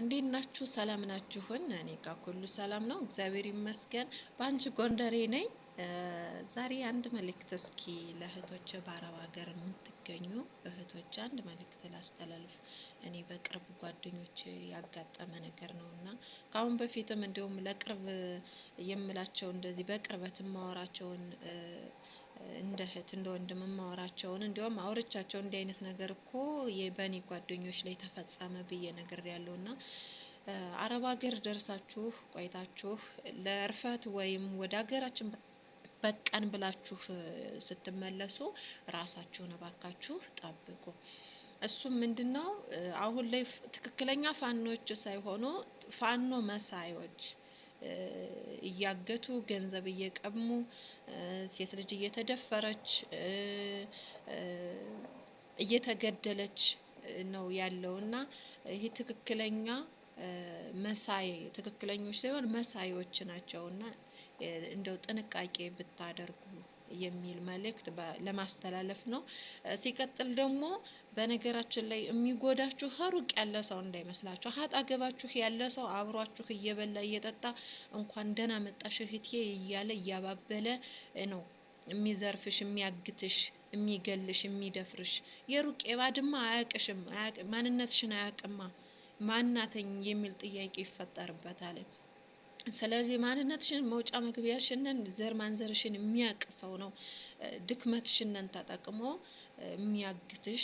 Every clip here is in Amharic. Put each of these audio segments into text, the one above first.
እንዴት ናችሁ? ሰላም ናችሁን? እኔ ጋር ሁሉ ሰላም ነው፣ እግዚአብሔር ይመስገን። በአንቺ ጎንደሬ ነኝ። ዛሬ አንድ መልእክት እስኪ ለእህቶች በአረብ ሀገር የምትገኙ እህቶች አንድ መልእክት ላስተላልፍ። እኔ በቅርብ ጓደኞች ያጋጠመ ነገር ነው እና ከአሁን በፊትም እንዲሁም ለቅርብ የምላቸው እንደዚህ በቅርበት ማወራቸውን እንደ እህት እንደ ወንድም ማወራቸውን እንዲሁም አውርቻቸው እንዲህ አይነት ነገር እኮ በእኔ ጓደኞች ላይ ተፈጸመ ብዬ ነገር ያለው ና አረብ ሀገር ደርሳችሁ ቆይታችሁ ለእርፈት ወይም ወደ ሀገራችን በቀን ብላችሁ ስትመለሱ ራሳችሁን እባካችሁ ጠብቁ። እሱም ምንድን ነው አሁን ላይ ትክክለኛ ፋኖች ሳይሆኑ ፋኖ መሳዮች እያገቱ ገንዘብ እየቀሙ ሴት ልጅ እየተደፈረች እየተገደለች ነው ያለው እና ይህ ትክክለኛ መሳይ ትክክለኞች ሳይሆን መሳዮች ናቸው እና እንደው ጥንቃቄ ብታደርጉ የሚል መልእክት ለማስተላለፍ ነው። ሲቀጥል ደግሞ በነገራችን ላይ የሚጎዳችሁ ሩቅ ያለ ሰው እንዳይመስላችሁ። ሀጥ አገባችሁ ያለ ሰው አብሯችሁ እየበላ እየጠጣ እንኳን ደህና መጣሽ እህቴ እያለ እያባበለ ነው የሚዘርፍሽ፣ የሚያግትሽ፣ የሚገልሽ፣ የሚደፍርሽ። የሩቅ የባድማ አያቅሽም፣ ማንነትሽን አያቅማ ማናተኝ የሚል ጥያቄ ይፈጠርበታል። ስለዚህ ማንነትሽን መውጫ መግቢያሽንን ዘር ማንዘርሽን የሚያቅ ሰው ነው ድክመትሽንን ተጠቅሞ የሚያግትሽ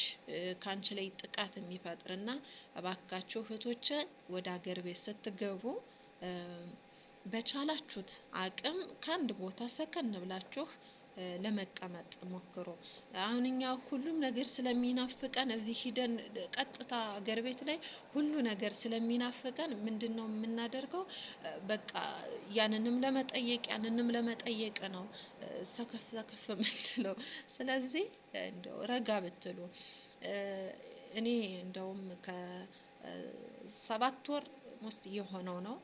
ከአንቺ ላይ ጥቃት የሚፈጥርና እባካችሁ እህቶች ወደ አገር ቤት ስትገቡ በቻላችሁት አቅም ከአንድ ቦታ ሰከን ብላችሁ ለመቀመጥ ሞክሮ አሁን እኛ ሁሉም ነገር ስለሚናፍቀን እዚህ ሂደን ቀጥታ አገር ቤት ላይ ሁሉ ነገር ስለሚናፍቀን ምንድን ነው የምናደርገው? በቃ ያንንም ለመጠየቅ ያንንም ለመጠየቅ ነው ሰከፍ ሰከፍ የምንለው። ስለዚህ እንደው ረጋ ብትሉ እኔ እንደውም ከሰባት ወር ውስጥ የሆነው ነው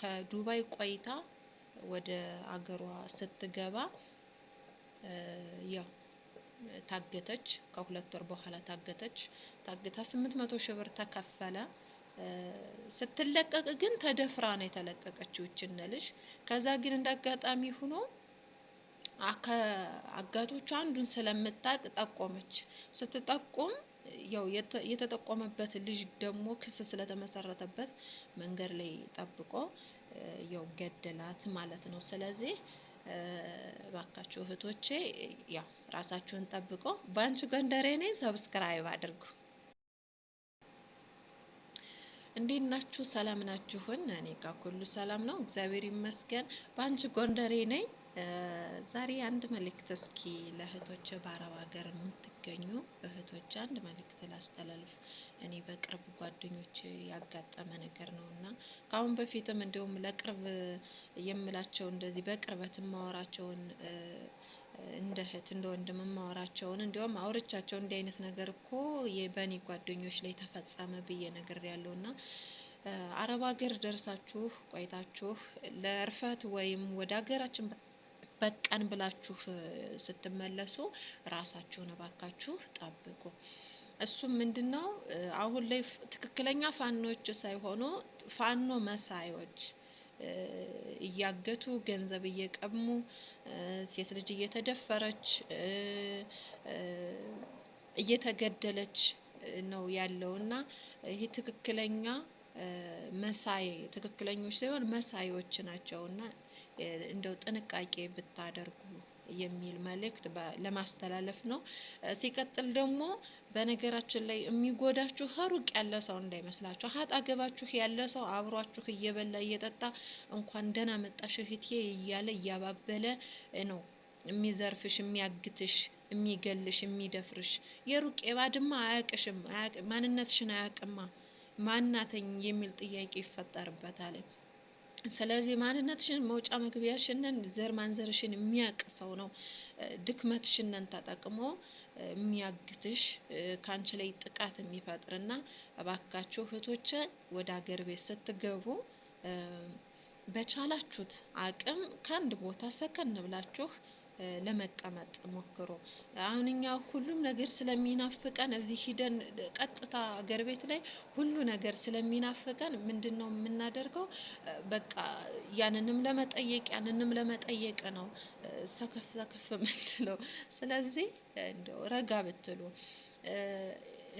ከዱባይ ቆይታ ወደ አገሯ ስትገባ ያው ታገተች። ከሁለት ወር በኋላ ታገተች። ታግታ ስምንት መቶ ሺህ ብር ተከፈለ። ስትለቀቅ ግን ተደፍራ ነው የተለቀቀችው ይችን ልጅ። ከዛ ግን አጋጣሚ ሁኖ አጋቶቹ አንዱን ስለምታቅ ጠቆመች። ስትጠቁም ያው የተጠቆመበት ልጅ ደግሞ ክስ ስለተመሰረተበት መንገድ ላይ ጠብቆ ያው ገደላት ማለት ነው። ስለዚህ ባካችሁ እህቶቼ ያው ራሳችሁን ጠብቆ ባንች ጎንደሬ ነኝ። ሰብስክራይብ አድርጉ። እንዴት ናችሁ? ሰላም ናችሁን? እኔ ጋር ሁሉ ሰላም ነው፣ እግዚአብሔር ይመስገን። ባንች ጎንደሬ ነኝ። ዛሬ አንድ መልእክት እስኪ ለእህቶች በአረብ ሀገር የምትገኙ እህቶች አንድ መልእክት ላስተላልፍ። እኔ በቅርብ ጓደኞች ያጋጠመ ነገር ነው እና ከአሁን በፊትም እንዲሁም ለቅርብ የምላቸው እንደዚህ በቅርበት የማወራቸውን እንደ እህት እንደ ወንድም የማወራቸውን እንዲሁም አውርቻቸው እንዲህ አይነት ነገር እኮ በእኔ ጓደኞች ላይ ተፈጸመ ብዬ ነገር ያለው ና አረብ ሀገር ደርሳችሁ ቆይታችሁ ለእርፈት ወይም ወደ ሀገራችን በቃን ብላችሁ ስትመለሱ ራሳችሁን እባካችሁ ጠብቁ። እሱም ምንድን ነው አሁን ላይ ትክክለኛ ፋኖች ሳይሆኑ ፋኖ መሳዮች እያገቱ ገንዘብ እየቀሙ ሴት ልጅ እየተደፈረች እየተገደለች ነው ያለው እና ይህ ትክክለኛ መሳይ ትክክለኞች ሳይሆን መሳዮች ናቸውና እንደው ጥንቃቄ ብታደርጉ የሚል መልእክት ለማስተላለፍ ነው። ሲቀጥል ደግሞ በነገራችን ላይ የሚጎዳችሁ ሩቅ ያለ ሰው እንዳይመስላችሁ። አጠገባችሁ ያለ ሰው አብሯችሁ እየበላ እየጠጣ እንኳን ደህና መጣሽ እህቴ እያለ እያባበለ ነው የሚዘርፍሽ፣ የሚያግትሽ፣ የሚገልሽ፣ የሚደፍርሽ። የሩቅ የባድማ አያቅሽም፣ ማንነትሽን አያቅማ ማናተኝ የሚል ጥያቄ ይፈጠርበታል። ስለዚህ ማንነትሽን መውጫ መግቢያሽንን ዘር ማንዘርሽን የሚያውቅ ሰው ነው ድክመትሽንን ተጠቅሞ የሚያግትሽ ከአንቺ ላይ ጥቃት የሚፈጥርና እባካችሁ እህቶች ወደ አገር ቤት ስትገቡ በቻላችሁት አቅም ከአንድ ቦታ ሰከን ብላችሁ ለመቀመጥ ሞክሮ አሁን እኛ ሁሉም ነገር ስለሚናፍቀን እዚህ ሂደን ቀጥታ አገር ቤት ላይ ሁሉ ነገር ስለሚናፍቀን ምንድን ነው የምናደርገው? በቃ ያንንም ለመጠየቅ ያንንም ለመጠየቅ ነው ሰከፍ ሰከፍ የምንለው። ስለዚህ እንደው ረጋ ብትሉ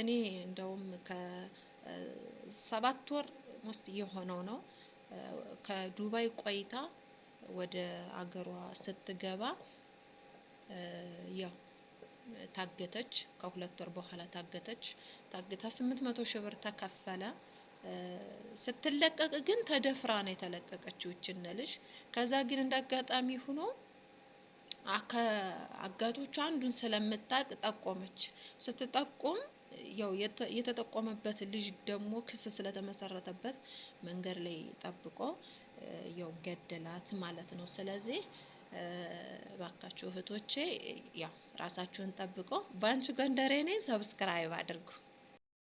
እኔ እንደውም ከሰባት ወር ውስጥ የሆነው ነው ከዱባይ ቆይታ ወደ አገሯ ስትገባ ያው ታገተች። ከሁለት ወር በኋላ ታገተች። ታግታ ስምንት መቶ ሺህ ብር ተከፈለ። ስትለቀቅ ግን ተደፍራ ነው የተለቀቀችው ይችን ልጅ። ከዛ ግን አጋጣሚ ሁኖ አጋቶቹ አንዱን ስለምታቅ ጠቆመች። ስትጠቁም ያው የተጠቆመበት ልጅ ደግሞ ክስ ስለተመሰረተበት መንገድ ላይ ጠብቆ ያው ገደላት ማለት ነው። ስለዚህ ባካችሁ እህቶቼ ያው ራሳችሁን ጠብቆ ባንቺ ጎንደሬ ነኝ። ሰብስክራይብ አድርጉ።